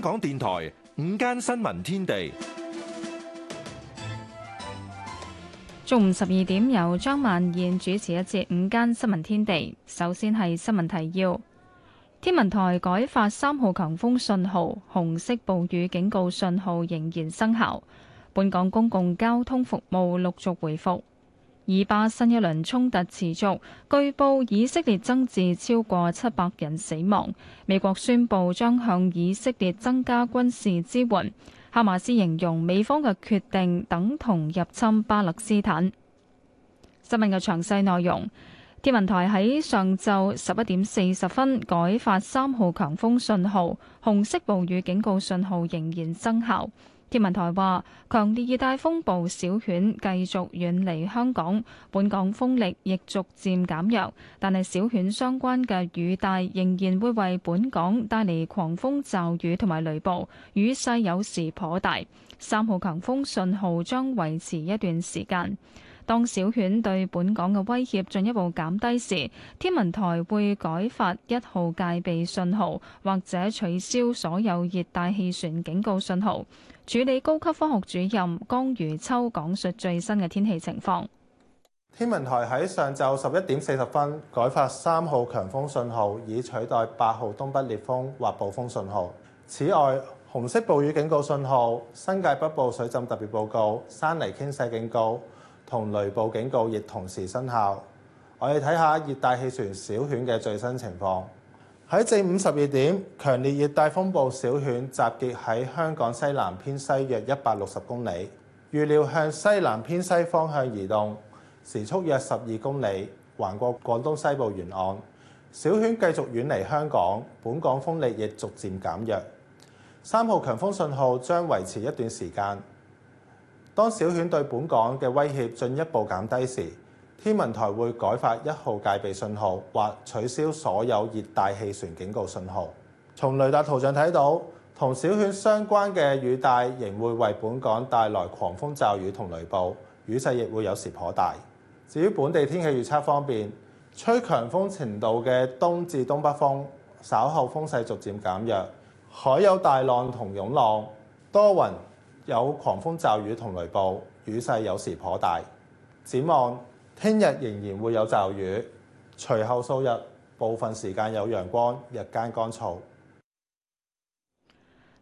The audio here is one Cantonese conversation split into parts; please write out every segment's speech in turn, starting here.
香港電台午間新聞天地，中午十二點由張曼燕主持一節午間新聞天地。首先係新聞提要：天文台改發三號強風信號，紅色暴雨警告信號仍然生效。本港公共交通服務陸續回復。以巴新一輪衝突持續，據報以色列增至超過七百人死亡。美國宣布將向以色列增加軍事支援。哈馬斯形容美方嘅決定等同入侵巴勒斯坦。新聞嘅詳細內容，天文台喺上晝十一點四十分改發三號強風信號，紅色暴雨警告信號仍然生效。天文台話，強烈熱帶風暴小犬繼續遠離香港，本港風力亦逐漸減弱，但係小犬相關嘅雨帶仍然會為本港帶嚟狂風驟雨同埋雷暴，雨勢有時頗大。三號強風信號將維持一段時間。當小犬對本港嘅威脅進一步減低時，天文台會改發一號戒備信號，或者取消所有熱帶氣旋警告信號。助理高級科學主任江如秋講述最新嘅天氣情況。天文台喺上晝十一點四十分改發三號強風信號，以取代八號東北烈風或暴風信號。此外，紅色暴雨警告信號、新界北部水浸特別報告、山泥傾瀉警告同雷暴警告亦同時生效。我哋睇下熱帶氣旋小犬嘅最新情況。喺正午十二點，強烈熱帶風暴小犬集結喺香港西南偏西約一百六十公里，預料向西南偏西方向移動，時速約十二公里，橫過廣東西部沿岸。小犬繼續遠離香港，本港風力亦逐漸減弱。三號強風信號將維持一段時間。當小犬對本港嘅威脅進一步減低時，天文台會改發一號戒備信號或取消所有熱帶氣旋警告信號。從雷達圖像睇到，同小犬相關嘅雨帶仍會為本港帶來狂風驟雨同雷暴，雨勢亦會有時頗大。至於本地天氣預測方面，吹強風程度嘅東至東北風，稍後風勢逐漸減弱，海有大浪同湧浪，多雲。有狂風驟雨同雷暴，雨勢有時頗大。展望聽日仍然會有驟雨，隨後數日，部分時間有陽光，日間乾燥。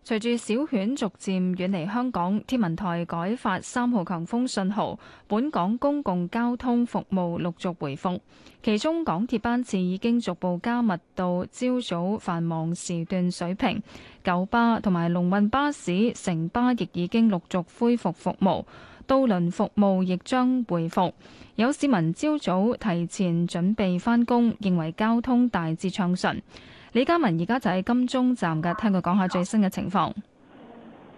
隨住小犬逐漸遠離香港，天文台改發三號強風信號，本港公共交通服務陸續回復。其中港鐵班次已經逐步加密到朝早繁忙時段水平，九巴同埋龍運巴士、城巴亦已經陸續恢復服務，渡輪服務亦將回復。有市民朝早提前準備返工，認為交通大致暢順。李嘉文而家就喺金鐘站嘅，聽佢講下最新嘅情況。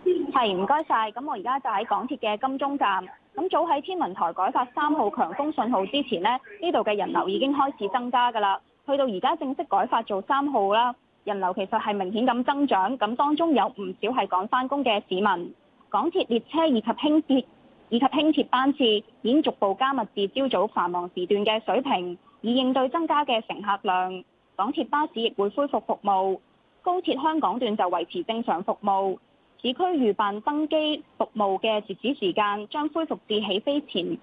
係，唔該晒，咁我而家就喺港鐵嘅金鐘站。咁早喺天文台改發三號強風信號之前咧,呢度嘅人流已經開始增加噶啦。去到而家正式改發做三號啦,人流其實係明顯咁增長。咁當中有唔少係趕翻工嘅市民。港鐵列車以及輕鐵以及輕鐵班次已經逐步加密至朝早繁忙時段嘅水平，以應對增加嘅乘客量。港鐵巴士亦會恢復服務，高鐵香港段就維持正常服務。市區預辦登機服務嘅截止時間將恢復至起飛前，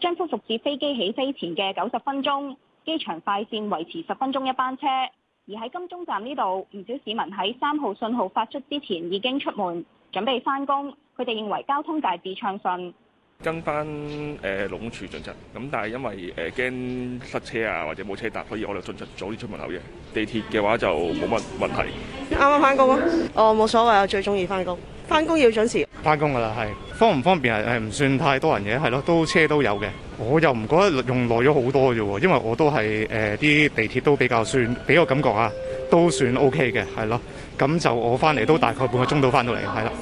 將恢復至飛機起飛前嘅九十分鐘。機場快線維持十分鐘一班車。而喺金鐘站呢度，唔少市民喺三號信號發出之前已經出門準備返工，佢哋認為交通大致暢順。跟翻誒勞工處準則，咁、呃、但係因為誒驚、呃、塞車啊或者冇車搭，所以我哋就盡早啲出門口嘅。地鐵嘅話就冇乜問題。啱啱翻工咯，哦，冇所謂，我最中意翻工。翻工要準時。翻工噶啦，係方唔方便係係唔算太多人嘅，係咯，都車都有嘅。我又唔覺得用耐咗好多啫喎，因為我都係誒啲地鐵都比較算俾我感覺啊，都算 O K 嘅，係咯。咁就我翻嚟都大概半個鐘到翻到嚟，係啦。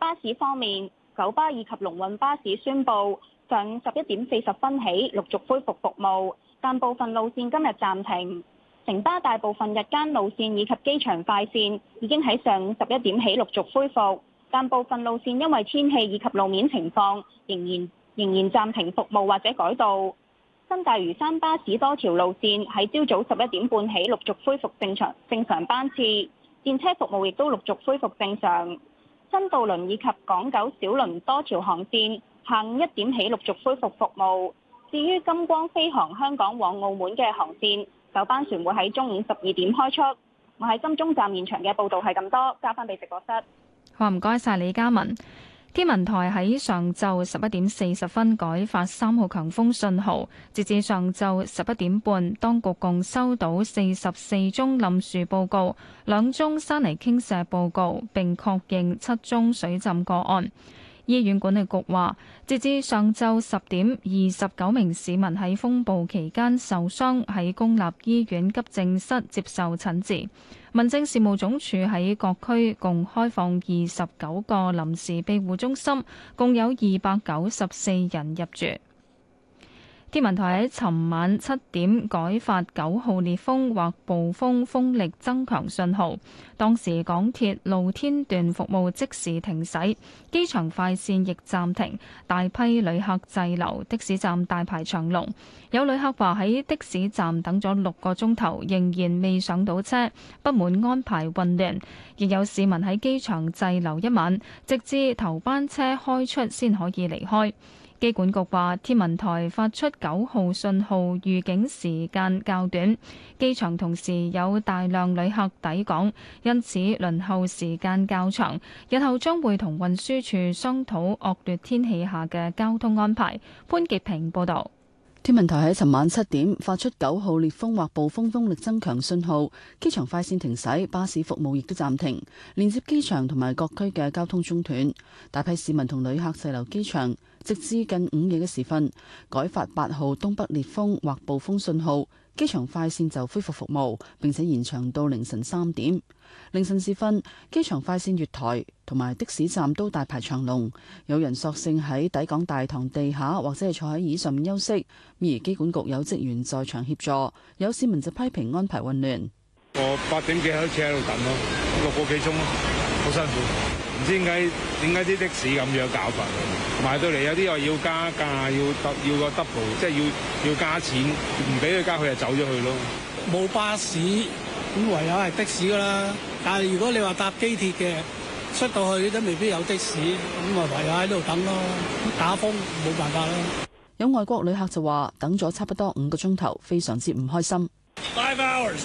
巴士方面。九巴以及龍運巴士宣布，上午十一點四十分起陸續恢復服務，但部分路線今日暫停。城巴大部分日間路線以及機場快線已經喺上午十一點起陸續恢復，但部分路線因為天氣以及路面情況，仍然仍然暫停服務或者改道。新大嶼山巴士多條路線喺朝早十一點半起陸續恢復正常正常班次，電車服務亦都陸續恢復正常。新渡輪以及港九小輪多條航線下午一點起陸續恢復服務。至於金光飛航香港往澳門嘅航線，首班船會喺中午十二點開出。我喺金鐘站現場嘅報道係咁多，交翻俾直播室。好，唔該晒，李嘉文。天文台喺上晝十一點四十分改發三號強風信號，截至上晝十一點半，當局共收到四十四宗冧樹報告，兩宗山泥傾瀉報告，並確認七宗水浸個案。醫院管理局話，截至上晝十點，二十九名市民喺風暴期間受傷，喺公立醫院急症室接受診治。民政事務總署喺各區共開放二十九個臨時庇護中心，共有二百九十四人入住。天文台喺尋晚七點改發九號烈風或暴風風力增強信號，當時港鐵露天段服務即時停駛，機場快線亦暫停，大批旅客滯留，的士站大排長龍。有旅客話喺的士站等咗六個鐘頭，仍然未上到車，不滿安排混亂。亦有市民喺機場滯留一晚，直至頭班車開出先可以離開。機管局話，天文台發出九號信號預警時間較短，機場同時有大量旅客抵港，因此輪候時間較長。日後將會同運輸處商討惡劣天氣下嘅交通安排。潘潔平報道。天文台喺尋晚七點發出九號烈風或暴風風力增強信號，機場快線停駛，巴士服務亦都暫停，連接機場同埋各區嘅交通中斷，大批市民同旅客滯留機場。直至近午夜嘅時分，改發八號東北烈風或暴風信號，機場快線就恢復服務並且延長到凌晨三點。凌晨時分，機場快線月台同埋的士站都大排長龍，有人索性喺抵港大堂地下或者係坐喺椅上面休息，而機管局有職員在場協助。有市民就批評安排混亂。我八點幾喺車喺度等咯，六個幾鐘，好辛苦。唔知點解點解啲的士咁樣搞法，埋到嚟有啲又要加價，要得要個 double，即係要要加錢，唔俾佢加佢就走咗去咯。冇巴士，咁唯有係的士㗎啦。但係如果你話搭機鐵嘅，出到去都未必有的士，咁咪唯有喺度等咯。打風冇辦法啦。有外國旅客就話等咗差不多五個鐘頭，非常之唔開心。Five hours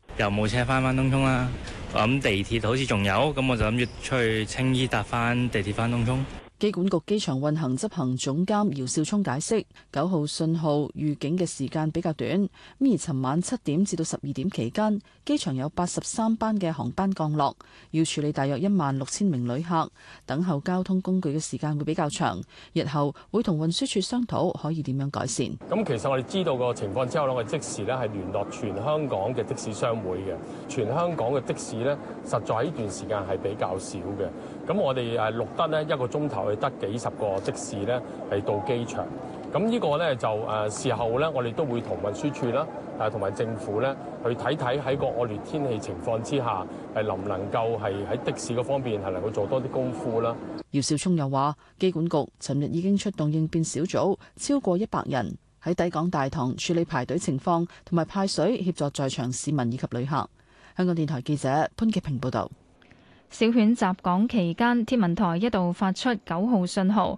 又冇車返返東涌啦，咁地鐵好似仲有，咁我就諗住出去青衣搭返地鐵返東涌。機管局機場運行執行總監姚兆聰解釋：九號信號預警嘅時間比較短，咁而尋晚七點至到十二點期間，機場有八十三班嘅航班降落，要處理大約一萬六千名旅客，等候交通工具嘅時間會比較長。日後會同運輸署商討可以點樣改善。咁其實我哋知道個情況之後咧，我哋即時咧係聯絡全香港嘅的,的士商會嘅，全香港嘅的,的士呢，實在呢段時間係比較少嘅。咁我哋誒錄得咧一個鐘頭，係得幾十個的士咧係到機場。咁呢個咧就誒事後咧，我哋都會同運輸署啦，誒同埋政府咧去睇睇喺個惡劣天氣情況之下，係能唔能夠，係喺的士嗰方面係能夠做多啲功夫啦？姚少聰又話機管局尋日已經出動應變小組超過一百人喺抵港大堂處理排隊情況，同埋派水協助在場市民以及旅客。香港電台記者潘潔平報道。小犬襲港期間，天文台一度發出九號信號。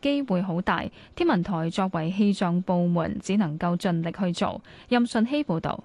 機會好大，天文台作為氣象部門，只能夠盡力去做。任順希報道。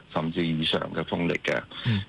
甚至以上嘅風力嘅，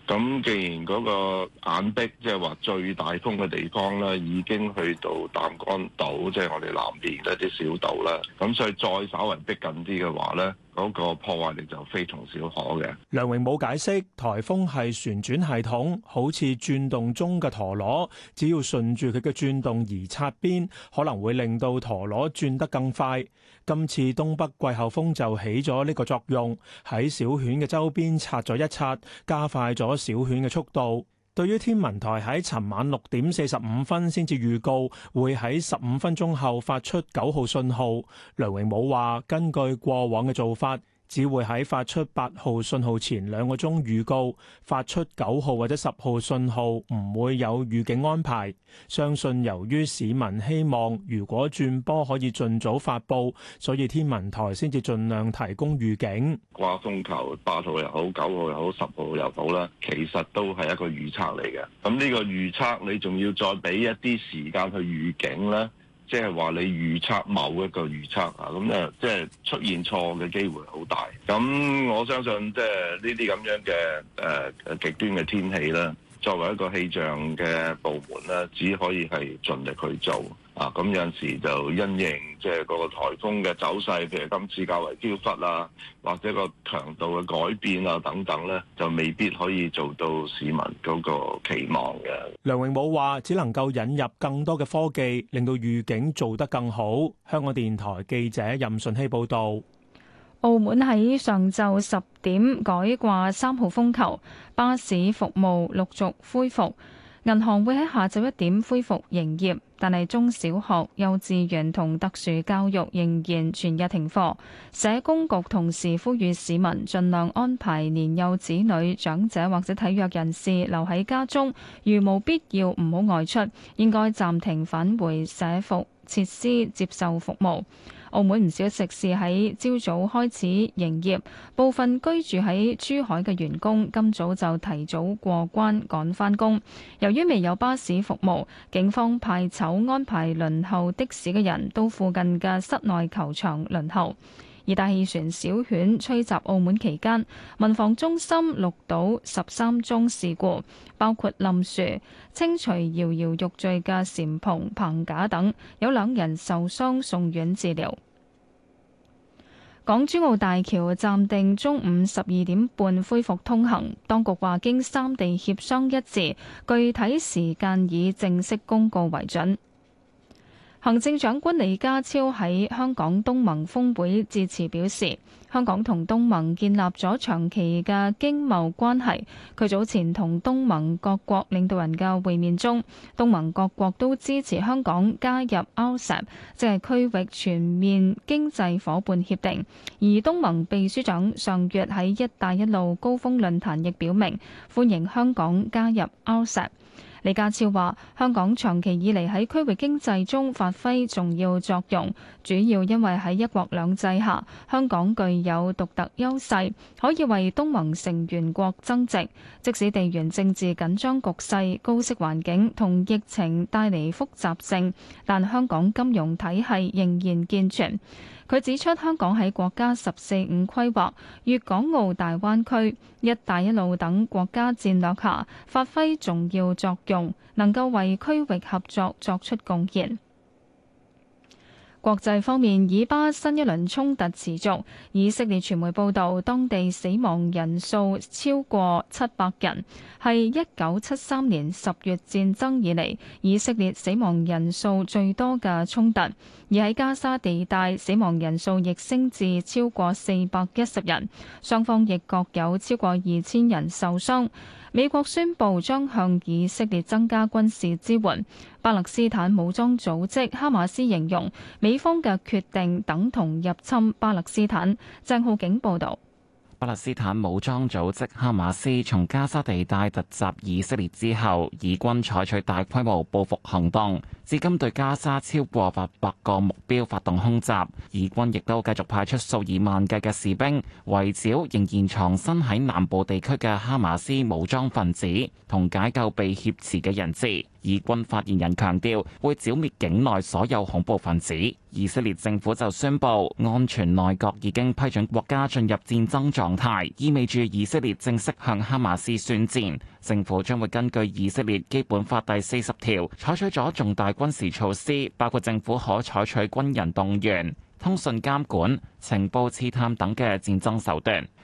咁既然嗰個眼壁即係話最大風嘅地方咧，已經去到淡江島，即係我哋南邊一啲小島啦，咁所以再稍為逼近啲嘅話咧，嗰個破壞力就非同小可嘅。梁榮武解釋，颱風係旋轉系統，好似轉動中嘅陀螺，只要順住佢嘅轉動而擦邊，可能會令到陀螺轉得更快。今次東北季候風就起咗呢個作用，喺小犬嘅周邊擦咗一擦，加快咗小犬嘅速度。對於天文台喺尋晚六點四十五分先至預告，會喺十五分鐘後發出九號信號，梁榮武話根據過往嘅做法。只會喺發出八號信號前兩個鐘預告，發出九號或者十號信號唔會有預警安排。相信由於市民希望如果轉波可以盡早發佈，所以天文台先至盡量提供預警。刮風球八號又好，九號又好，十號又好啦，其實都係一個預測嚟嘅。咁呢個預測你仲要再俾一啲時間去預警啦。即係話你預測某一個預測啊，咁啊，即係出現錯嘅機會好大。咁我相信這這，即係呢啲咁樣嘅誒極端嘅天氣咧，作為一個氣象嘅部門咧，只可以係盡力去做。咁有陣時就因應即係嗰個台風嘅走勢，譬如今次較為焦忽啊，或者個強度嘅改變啊等等咧，就未必可以做到市民嗰個期望嘅。梁榮武話，只能夠引入更多嘅科技，令到預警做得更好。香港電台記者任順希報道。澳門喺上晝十點改掛三號風球，巴士服務陸續恢復，銀行會喺下晝一點恢復營業。但係中小學、幼稚園同特殊教育仍然全日停課。社工局同時呼籲市民盡量安排年幼子女、長者或者體弱人士留喺家中，如無必要唔好外出，應該暫停返回社服設施接受服務。澳門唔少食肆喺朝早開始營業，部分居住喺珠海嘅員工今早就提早過關趕返工。由於未有巴士服務，警方派籌安排輪候的士嘅人到附近嘅室內球場輪候。而大氣旋小犬吹襲澳門期間，民防中心錄到十三宗事故，包括冧樹、清除搖搖欲墜嘅簷篷棚架等，有兩人受傷送院治療。港珠澳大橋暫定中午十二點半恢復通行，當局話經三地協商一致，具體時間以正式公告為準。行政長官李家超喺香港東盟峰會致詞表示，香港同東盟建立咗長期嘅經貿關係。佢早前同東盟各國領導人嘅會面中，東盟各國都支持香港加入 RCEP，即係區域全面經濟伙伴協定。而東盟秘書長上月喺一帶一路高峰論壇亦表明歡迎香港加入 RCEP。李家超話香港長期以嚟喺區域經濟中發揮重要作用，主要因為喺一國兩制下，香港具有獨特優勢，可以為東盟成員國增值。即使地緣政治緊張局勢、高息環境同疫情帶嚟複雜性，但香港金融體系仍然健全。佢指出，香港喺國家十四五規劃、粵港澳大灣區、一帶一路等國家戰略下，發揮重要作用。用能夠為區域合作作出貢獻。國際方面，以巴新一輪衝突持續，以色列傳媒報道，當地死亡人數超過七百人，係一九七三年十月戰爭以嚟以色列死亡人數最多嘅衝突。而喺加沙地帶，死亡人數亦升至超過四百一十人，雙方亦各有超過二千人受傷。美國宣布將向以色列增加軍事支援。巴勒斯坦武裝組織哈馬斯形容美方嘅決定等同入侵巴勒斯坦。鄭浩景報道。巴勒斯坦武裝組織哈馬斯從加沙地帶突襲以色列之後，以軍採取大規模報復行動，至今對加沙超過八百個目標發動空襲。以軍亦都繼續派出數以萬計嘅士兵，圍剿仍然藏身喺南部地區嘅哈馬斯武裝分子，同解救被挾持嘅人質。以軍發言人強調會剿滅境內所有恐怖分子。以色列政府就宣布，安全內閣已經批准國家進入戰爭狀態，意味住以色列正式向哈馬斯宣戰。政府將會根據以色列基本法第四十條，採取咗重大軍事措施，包括政府可採取軍人動員、通訊監管、情報刺探等嘅戰爭手段。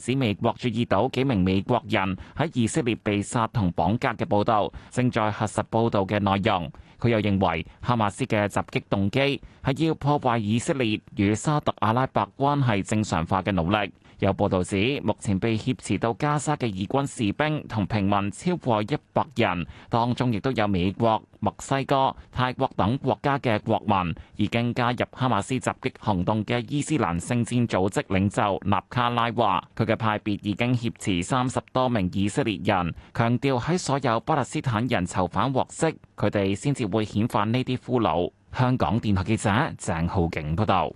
指美國注意到幾名美國人喺以色列被殺同綁架嘅報導，正在核實報導嘅內容。佢又認為哈馬斯嘅襲擊動機係要破壞以色列與沙特阿拉伯關係正常化嘅努力。有報道指，目前被挾持到加沙嘅以軍士兵同平民超過一百人，當中亦都有美國、墨西哥、泰國等國家嘅國民。已經加入哈馬斯襲擊行動嘅伊斯蘭聖戰組織領袖納卡拉話，佢嘅派別已經挾持三十多名以色列人，強調喺所有巴勒斯坦人囚犯獲釋，佢哋先至會遣返呢啲俘虜，香港電台記者鄭浩景報道。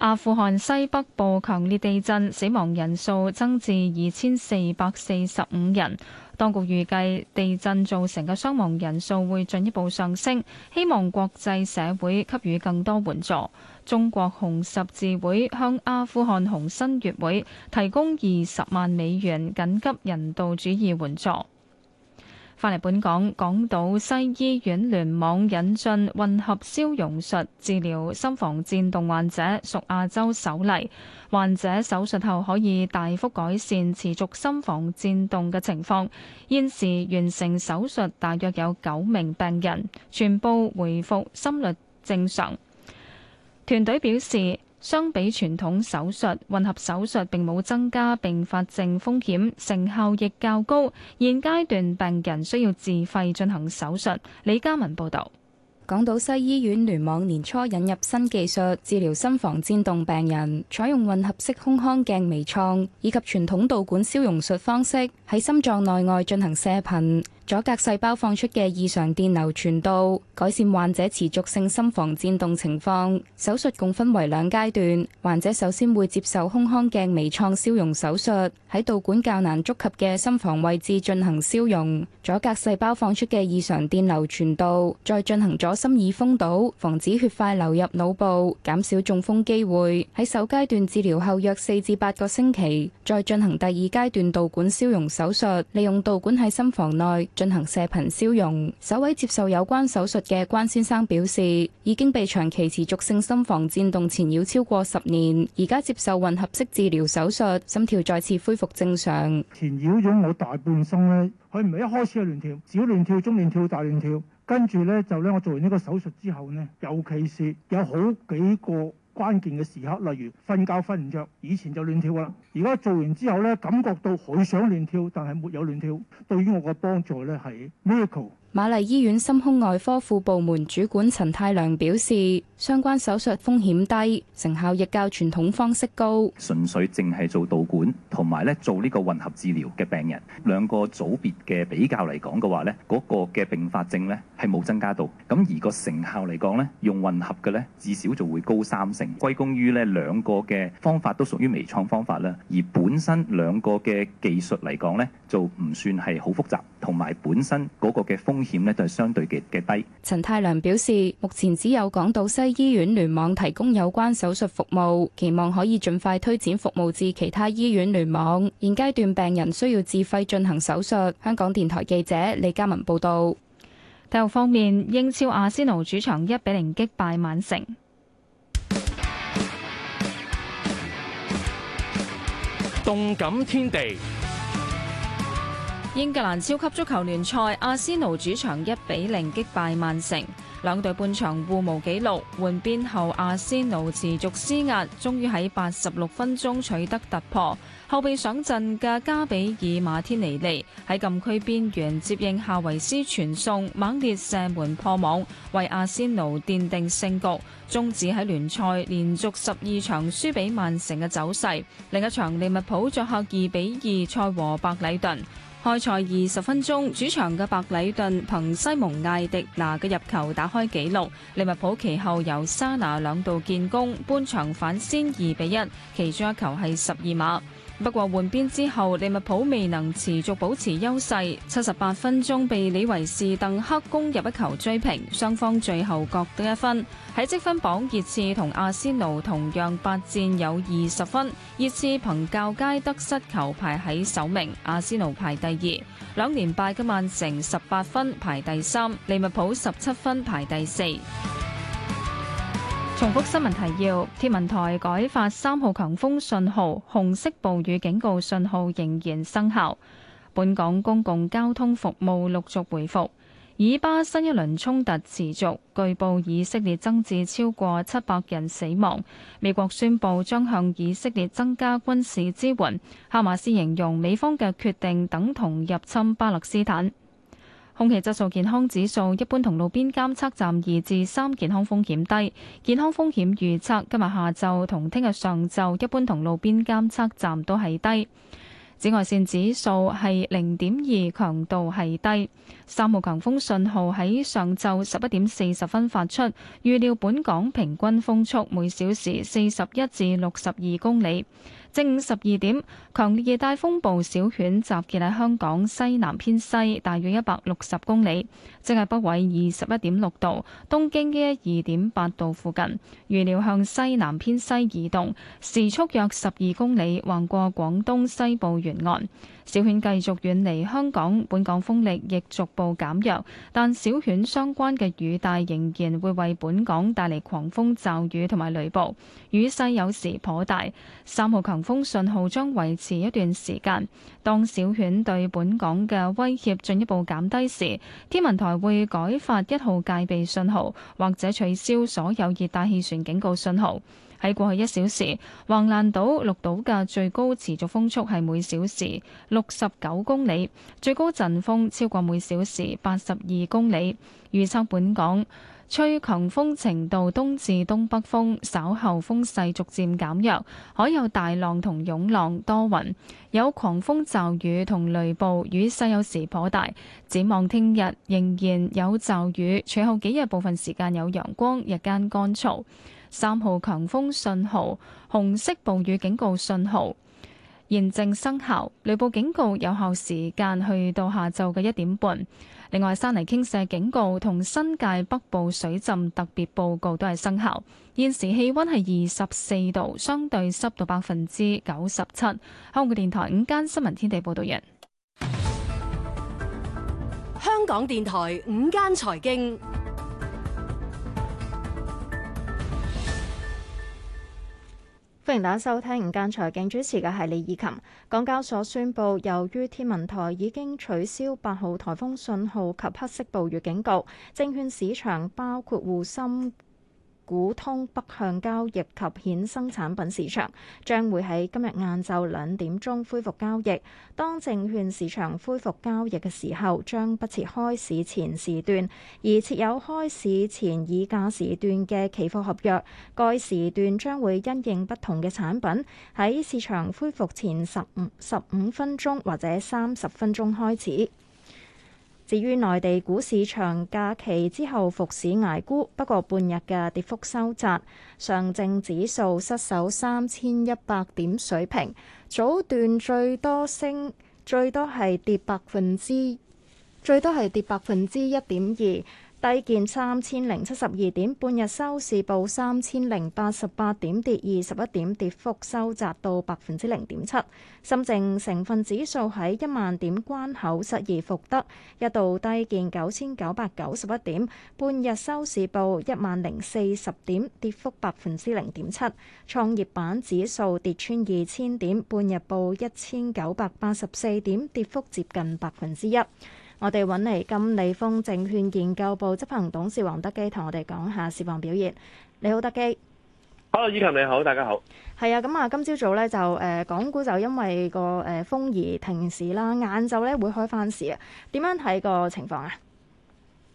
阿富汗西北部強烈地震，死亡人數增至二千四百四十五人。當局預計，地震造成嘅傷亡人數會進一步上升，希望國際社會給予更多援助。中國紅十字會向阿富汗紅新月會提供二十萬美元緊急人道主義援助。翻嚟本港，港島西醫院聯網引進混合消融術治療心房顫動患者，屬亞洲首例。患者手術後可以大幅改善持續心房顫動嘅情況。現時完成手術大約有九名病人，全部回復心律正常。團隊表示，相比傳統手術，混合手術並冇增加併發症風險，成效亦較高。現階段病人需要自費進行手術。李嘉文報導，港島西醫院聯網年初引入新技術治療心房顫動病人，採用混合式胸腔鏡微創以及傳統導管消融術方式，喺心臟內外進行射頻。阻隔細胞放出嘅異常電流傳導，改善患者持續性心房顫動情況。手術共分為兩階段，患者首先會接受胸腔鏡微創消融手術，喺導管較難觸及嘅心房位置進行消融，阻隔細胞放出嘅異常電流傳導，再進行左心耳封堵，防止血塊流入腦部，減少中風機會。喺首階段治療後約四至八個星期，再進行第二階段導管消融手術，利用導管喺心房內。進行射頻消融。首位接受有關手術嘅關先生表示，已經被長期持續性心房顫動纏繞超過十年，而家接受混合式治療手術，心跳再次恢復正常。纏繞咗我大半生呢，佢唔係一開始係亂跳，小亂跳、中亂跳、大亂跳，跟住呢，就咧我做完呢個手術之後呢，尤其是有好幾個。關鍵嘅時刻，例如瞓覺瞓唔着，以前就亂跳啦。而家做完之後咧，感覺到佢想亂跳，但係沒有亂跳。對於我嘅幫助咧，係 miracle。瑪麗醫院心胸外科副部門主管陳泰良表示，相關手術風險低，成效亦較傳統方式高。純粹淨係做導管同埋咧做呢個混合治療嘅病人，兩個組別嘅比較嚟講嘅話呢，嗰個嘅併發症呢係冇增加到。咁而個成效嚟講呢，用混合嘅呢至少就會高三成。歸功於呢兩個嘅方法都屬於微創方法啦，而本身兩個嘅技術嚟講呢就唔算係好複雜，同埋本身嗰個嘅風。風險就相對嘅嘅低。陳太良表示，目前只有港島西醫院聯網提供有關手術服務，期望可以盡快推展服務至其他醫院聯網。現階段病人需要自費進行手術。香港電台記者李嘉文報道。體育方面，英超阿仙奴主場一比零擊敗曼城。動感天地。英格蘭超級足球聯賽，阿仙奴主場一比零擊敗曼城，兩隊半場互無紀錄。換邊後，阿仙奴持續施壓，終於喺八十六分鐘取得突破。後備上陣嘅加比爾馬天尼利喺禁區邊緣接應夏維斯傳送，猛烈射門破網，為阿仙奴奠定勝局，終止喺聯賽連續十二場輸俾曼城嘅走勢。另一場利物浦作客二比二賽和白禮頓。開賽二十分鐘，主場嘅白禮頓憑西蒙艾迪拿嘅入球打開紀錄，利物浦其後由沙拿兩度建功，半場反先二比一，1，其中一球係十二碼。不過換邊之後，利物浦未能持續保持優勢。七十八分鐘被李維士鄧克攻入一球追平，雙方最後各得一分。喺積分榜熱刺同阿仙奴同樣八戰有二十分，熱刺憑較佳得失球排喺首名，阿仙奴排第二。兩連敗嘅曼城十八分排第三，利物浦十七分排第四。重複新聞提要：天文台改發三號強風信號，紅色暴雨警告信號仍然生效。本港公共交通服務陸續回復。以巴新一輪衝突持續，據報以色列增至超過七百人死亡。美國宣布將向以色列增加軍事支援。哈馬斯形容美方嘅決定等同入侵巴勒斯坦。空氣質素健康指數一般同路邊監測站二至三，健康風險低。健康風險預測今日下晝同聽日上晝一般同路邊監測站都係低。紫外線指數係零點二，強度係低。三號強風信號喺上晝十一點四十分發出，預料本港平均風速每小時四十一至六十二公里。正午十二點，強烈熱帶風暴小犬集結喺香港西南偏西，大約一百六十公里，即係北緯二十一點六度、東經一百一十二點八度附近，預料向西南偏西移動，時速約十二公里，橫過廣東西部沿岸。小犬繼續遠離香港，本港風力亦逐步減弱，但小犬相關嘅雨帶仍然會為本港帶嚟狂風驟雨同埋雷暴，雨勢有時頗大。三號強風信號將維持一段時間。當小犬對本港嘅威脅進一步減低時，天文台會改發一號戒備信號，或者取消所有熱帶氣旋警告信號。喺過去一小時，橫瀾島、綠島嘅最高持續風速係每小時六十九公里，最高陣風超過每小時八十二公里。預測本港吹強風程度東至東北風，稍後風勢逐漸減弱，可有大浪同湧浪，多雲，有狂風驟雨同雷暴，雨勢有時頗大。展望聽日仍然有驟雨，隨後幾日部分時間有陽光，日間乾燥。三號強風信號、紅色暴雨警告信號現正生效，雷暴警告有效時間去到下晝嘅一點半。另外，山泥傾瀉警告同新界北部水浸特別報告都係生效。現時氣温係二十四度，相對濕度百分之九十七。香港電台午間新聞天地報人，報道員。香港電台午間財經。歡迎大家收聽，午間財經主持嘅係李以琴。港交所宣布，由於天文台已經取消八號颱風信號及黑色暴雨警告，證券市場包括滬深。股通北向交易及衍生產品市場將會喺今日晏晝兩點鐘恢復交易。當證券市場恢復交易嘅時候，將不設開市前時段，而設有開市前議價時段嘅期貨合約，該時段將會因應不同嘅產品喺市場恢復前十五十五分鐘或者三十分鐘開始。至於內地股市長假期之後復市捱沽，不過半日嘅跌幅收窄，上證指數失守三千一百點水平，早段最多升，最多係跌百分之，最多係跌百分之一點二。低見三千零七十二點，半日收市報三千零八十八點，跌二十一點，跌幅收窄到百分之零點七。深證成分指數喺一萬點關口失而復得，一度低見九千九百九十一點，半日收市報一萬零四十點，跌幅百分之零點七。創業板指數跌穿二千點，半日報一千九百八十四點，跌幅接近百分之一。我哋揾嚟金利豐證券研究部執行董事黃德基，同我哋講下市況表現。你好，德基。Hello，依琴你好，大家好。係啊，咁啊，今朝早呢，就誒，港股就因為個誒風而停市啦。晏晝呢會開翻市啊？點樣睇個情況啊？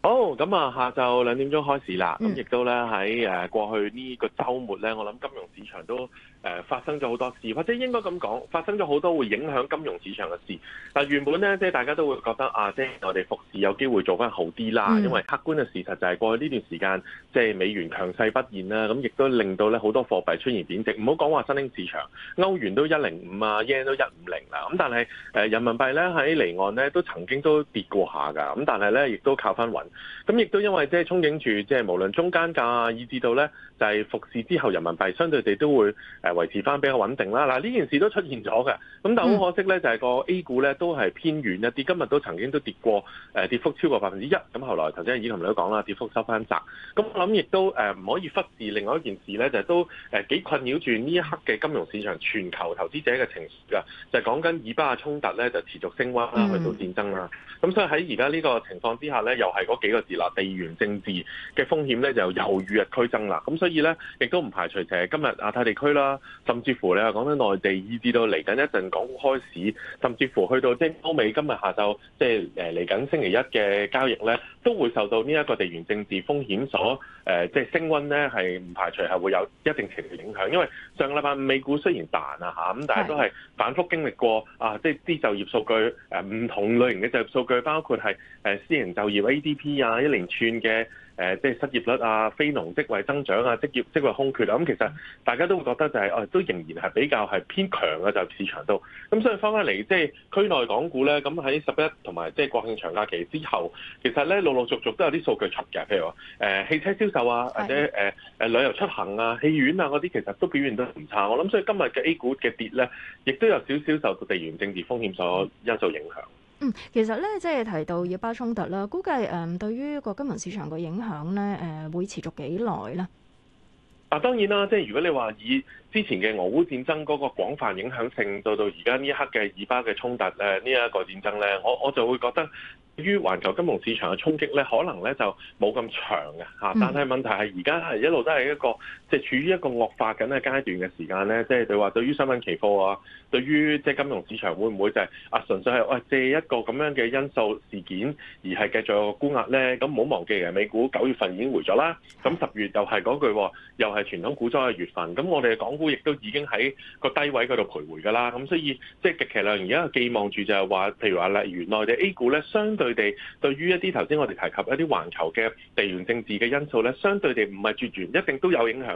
好、oh，咁啊、嗯，下晝兩點鐘開市啦。咁亦都咧喺誒過去呢個周末呢，我諗金融市場都。誒發生咗好多事，或者應該咁講，發生咗好多會影響金融市場嘅事。嗱，原本咧，即係大家都會覺得啊，即係我哋復市有機會做翻好啲啦，嗯、因為客觀嘅事實就係過去呢段時間，即係美元強勢不現啦，咁亦都令到咧好多貨幣出現貶值。唔好講話新興市場，歐元都一零五啊，yen 都一五零啦。咁但係誒人民幣咧喺離岸咧都曾經都跌過下㗎，咁但係咧亦都靠翻穩。咁亦都因為即係憧憬住，即係無論中間價啊，以至到咧就係、是、復市之後，人民幣相對地都會。誒維持翻比較穩定啦，嗱呢件事都出現咗嘅，咁但係好可惜呢，就係個 A 股呢都係偏軟一啲，今日都曾經都跌過，誒跌幅超過百分之一，咁後來頭先依同你都講啦，跌幅收翻窄，咁我諗亦都誒唔可以忽視另外一件事呢，就係都誒幾困擾住呢一刻嘅金融市場全球投資者嘅情緒啊，就係講緊以巴嘅衝突呢，就持續升溫啦，去到戰爭啦，咁、嗯、所以喺而家呢個情況之下呢，又係嗰幾個字啦，地緣政治嘅風險呢，就又與日俱增啦，咁所以呢，亦都唔排除就係今日亞太地區啦。甚至乎你又講緊內地，以至到嚟緊一陣港股開市，甚至乎去到即係歐美今日下晝，即係誒嚟緊星期一嘅交易咧，都會受到呢一個地緣政治風險所誒即係升溫咧，係唔排除係會有一定程度影響。因為上個禮拜美股雖然彈啊吓，咁但係都係反覆經歷過啊，即係啲就業數據誒，唔、啊、同類型嘅就業數據，包括係誒私營就業 ADP 啊，一連串嘅。誒，即係失業率啊、非農職位增長啊、職業職位空缺啊，咁其實大家都會覺得就係，哦，都仍然係比較係偏強嘅就市場度。咁所以翻返嚟，即係區內港股咧，咁喺十一同埋即係國慶長假期之後，其實咧陸陸續續都有啲數據出嘅，譬如話誒、呃、汽車銷售啊，或者誒誒、呃、旅遊出行啊、戲院啊嗰啲，其實都表現都唔差。我諗所以今日嘅 A 股嘅跌咧，亦都有少少受到地緣政治風險所因素影響。嗯，其實咧即係提到以巴衝突啦，估計誒對於個金融市場個影響咧誒會持續幾耐咧？嗱，當然啦，即係如果你話以之前嘅俄烏戰爭嗰個廣泛影響性到到而家呢一刻嘅以巴嘅衝突咧，呢一個戰爭咧，我我就會覺得於環球金融市場嘅衝擊咧，可能咧就冇咁長嘅吓，但係問題係而家係一路都係一個。即係處於一個惡化緊嘅階段嘅時間咧，即係對話對於新聞期貨啊，對於即係金融市場會唔會就係、是、啊純粹係哇借一個咁樣嘅因素事件而係繼續有個沽壓咧？咁唔好忘記嘅，美股九月份已經回咗啦，咁十月又係嗰句，又係傳統股災嘅月份。咁我哋嘅港股亦都已經喺個低位嗰度徘徊㗎啦。咁所以即係、就是、極其量而家寄望住就係話，譬如話啦，現內地 A 股咧，相對地對於一啲頭先我哋提及一啲環球嘅地緣政治嘅因素咧，相對地唔係絕緣，一定都有影響。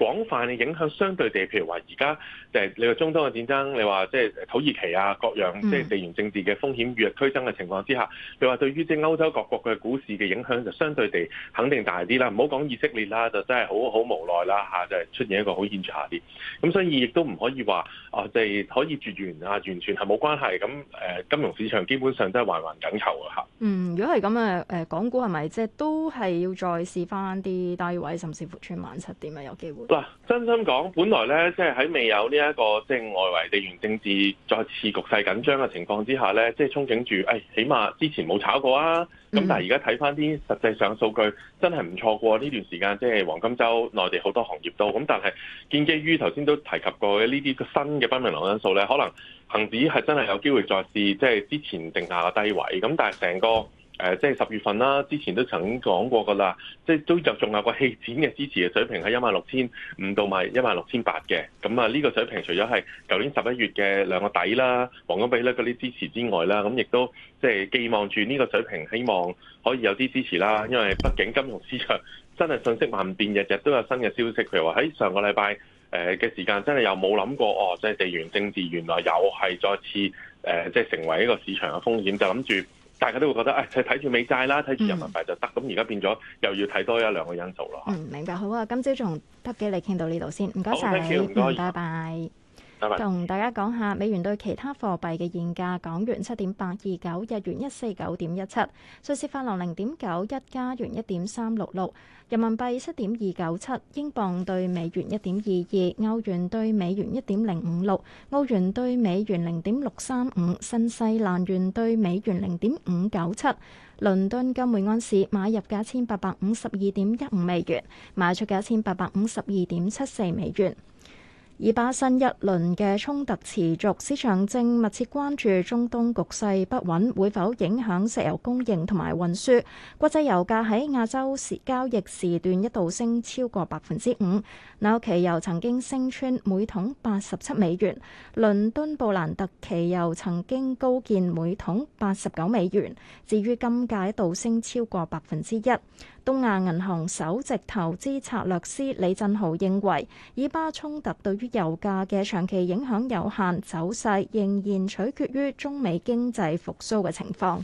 廣泛嘅影響相對地，譬如話而家就係你話中東嘅戰爭，你話即係土耳其啊，各樣即係地緣政治嘅風險愈嚟愈趨增嘅情況之下，你話對於即歐洲各國嘅股市嘅影響就相對地肯定大啲啦。唔好講以色列啦，就真係好好無奈啦嚇，就係出現一個好嚴重下跌。咁所以亦都唔可以話我哋可以絕緣啊，完全係冇關係。咁誒，金融市場基本上都係環環緊扣啊嚇。嗯，如果係咁啊，誒港股係咪即係都係要再試翻啲低位，甚至乎穿萬七點啊，有機會？嗱，真心講，本來咧，即係喺未有呢一個即係外圍地緣政治再次局勢緊張嘅情況之下咧，即係憧憬住，誒，起碼之前冇炒過啊。咁但係而家睇翻啲實際上數據，真係唔錯過呢段時間，即係黃金周內地好多行業都咁。但係建基於頭先都提及過嘅呢啲新嘅不明朗因素咧，可能恆指係真係有機會再試，即係之前定下嘅低位。咁但係成個。誒，即係十月份啦，之前都曾經講過㗎啦，即係都着重下個氣錢嘅支持嘅水平係一萬六千五到埋一萬六千八嘅。咁啊，呢個水平除咗係舊年十一月嘅兩個底啦，黃金比率嗰啲支持之外啦，咁亦都即係寄望住呢個水平，希望可以有啲支持啦。因為畢竟金融市場真係信息萬變，日日都有新嘅消息。譬如話喺上個禮拜誒嘅時間，真係又冇諗過哦，即係地緣政治原來又係再次誒，即係成為一個市場嘅風險，就諗住。大家都會覺得誒，就睇住美債啦，睇住人民幣就得。咁而家變咗，又要睇多一兩個因素咯。嗯，明白好啊。今朝仲得俾你傾到呢度先，唔該曬，你，拜拜。拜拜。同大家講下美元對其他貨幣嘅現價：港元七點八二九，日元一四九點一七，瑞士法郎零點九一，加元一點三六六，人民幣七點二九七，英鎊對美元一點二二，歐元對美元一點零五六，澳元對美元零點六三五，新西蘭元對美元零點五九七。倫敦金每安士買入價一千八百五十二點一五美元，賣出價一千八百五十二點七四美元。以巴新一輪嘅衝突持續，市場正密切關注中東局勢不穩會否影響石油供應同埋運輸，國際油價喺亞洲時交易時段一度升超過百分之五，紐期油曾經升穿每桶八十七美元，倫敦布蘭特期油曾經高見每桶八十九美元，至於金價一度升超過百分之一。東亞銀行首席投資策略師李振豪認為，以巴衝突對於油價嘅長期影響有限，走勢仍然取決於中美經濟復甦嘅情況。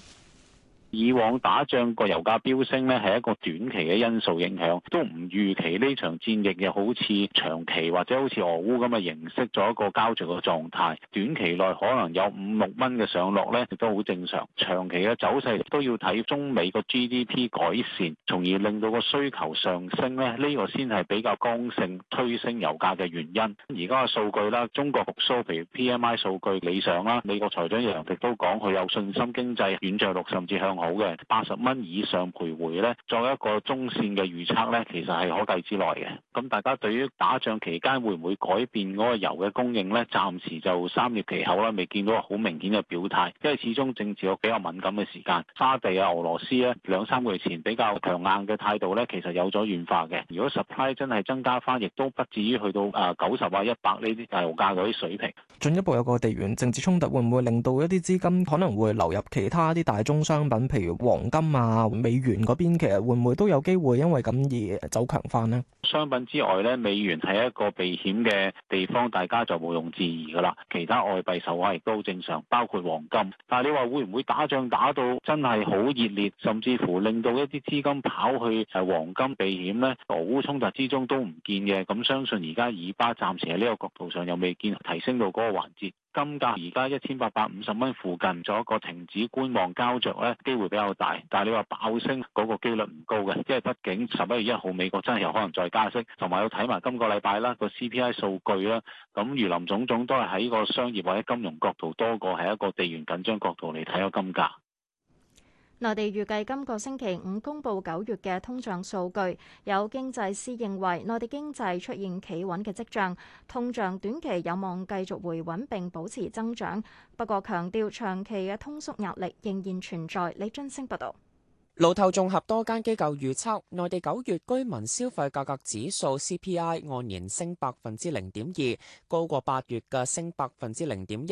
以往打仗個油價飆升咧，係一個短期嘅因素影響，都唔預期呢場戰役嘅好似長期或者好似俄烏咁嘅形式，作一個膠著嘅狀態。短期內可能有五六蚊嘅上落咧，亦都好正常。長期嘅走勢都要睇中美個 GDP 改善，從而令到個需求上升咧，呢個先係比較剛性推升油價嘅原因。而家嘅數據啦，中國復蘇，譬如 PMI 數據理想啦，美國財長楊迪都講，佢有信心經濟軟着陸，甚至向好嘅，八十蚊以上徘徊咧，作為一個中線嘅預測咧，其實係可計之內嘅。咁大家對於打仗期間會唔會改變嗰個油嘅供應咧？暫時就三月期後啦，未見到好明顯嘅表態，因為始終政治有比較敏感嘅時間。沙地啊，俄羅斯咧，兩三個月前比較強硬嘅態度咧，其實有咗軟化嘅。如果 supply 真係增加翻，亦都不至於去到啊九十啊一百呢啲大油價嗰啲水平。進一步有一個地緣政治衝突會唔會令到一啲資金可能會流入其他啲大宗商品？譬如黃金啊、美元嗰邊，其實會唔會都有機會因為咁而走強翻呢？商品之外呢，美元係一個避險嘅地方，大家就毋庸置疑噶啦。其他外幣受壓亦都正常，包括黃金。但係你話會唔會打仗打到真係好熱烈，甚至乎令到一啲資金跑去係黃金避險呢？俄烏衝突之中都唔見嘅，咁、嗯、相信而家以巴暫時喺呢個角度上又未見提升到嗰個環節。金價而家一千八百五十蚊附近，做一個停止觀望膠着咧，機會比較大。但係你話爆升嗰個機率唔高嘅，即係畢竟十一月一號美國真係有可能再加息，同埋要睇埋今個禮拜啦個 CPI 數據啦。咁如林總總都係喺個商業或者金融角度多過係一個地緣緊張角度嚟睇個金價。內地預計今個星期五公布九月嘅通脹數據，有經濟師認為內地經濟出現企穩嘅迹象，通脹短期有望繼續回穩並保持增長，不過強調長期嘅通縮壓力仍然存在。李津升報道，路透綜合多間機構預測，內地九月居民消費價格指數 CPI 按年升百分之零點二，高過八月嘅升百分之零點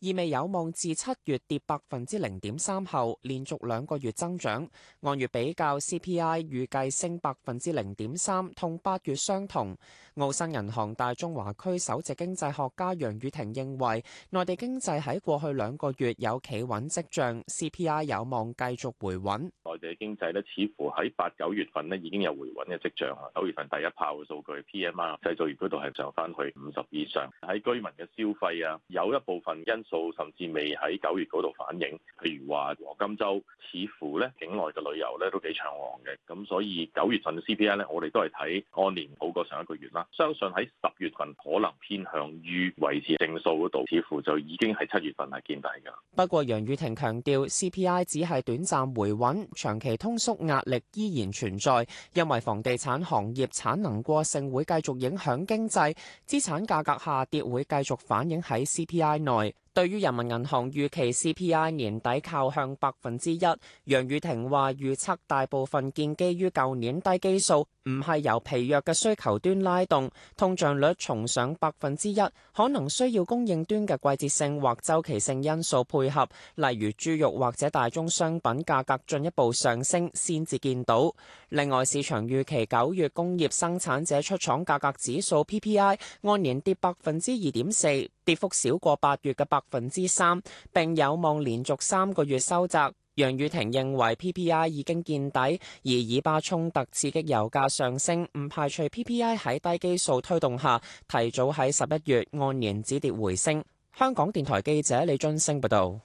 一。意味，有望自七月跌百分之零點三後，連續兩個月增長。按月比較 CPI 預計升百分之零點三，同八月相同。澳新銀行大中華區首席經濟學家楊宇婷認為，內地經濟喺過去兩個月有企穩迹象，CPI 有望繼續回穩。內地經濟呢似乎喺八九月份呢已經有回穩嘅迹象啊。九月份第一炮嘅數據 PMI 製造業嗰度係上翻去五十以上，喺居民嘅消費啊，有一部分因數甚至未喺九月嗰度反映，譬如話黃金週，似乎呢境內嘅旅遊咧都幾暢旺嘅。咁所以九月份嘅 CPI 呢，我哋都係睇按年好過上一個月啦。相信喺十月份可能偏向於維持正數嗰度，似乎就已經係七月份係見底嘅。不過楊宇霆強調，CPI 只係短暫回穩，長期通縮壓力依然存在，因為房地產行業產能過剩會繼續影響經濟，資產價格下跌會繼續反映喺 CPI 內。對於人民銀行預期 CPI 年底靠向百分之一，楊宇婷話預測大部分建基於舊年低基數，唔係由疲弱嘅需求端拉動。通脹率重上百分之一，可能需要供應端嘅季節性或周期性因素配合，例如豬肉或者大宗商品價格進一步上升先至見到。另外，市場預期九月工業生產者出廠價格指數 PPI 按年跌百分之二點四。跌幅少過八月嘅百分之三，並有望連續三個月收窄。楊雨婷認為 PPI 已經見底，而以巴衝突刺激油價上升，唔排除 PPI 喺低基數推動下，提早喺十一月按年止跌回升。香港電台記者李俊升報道。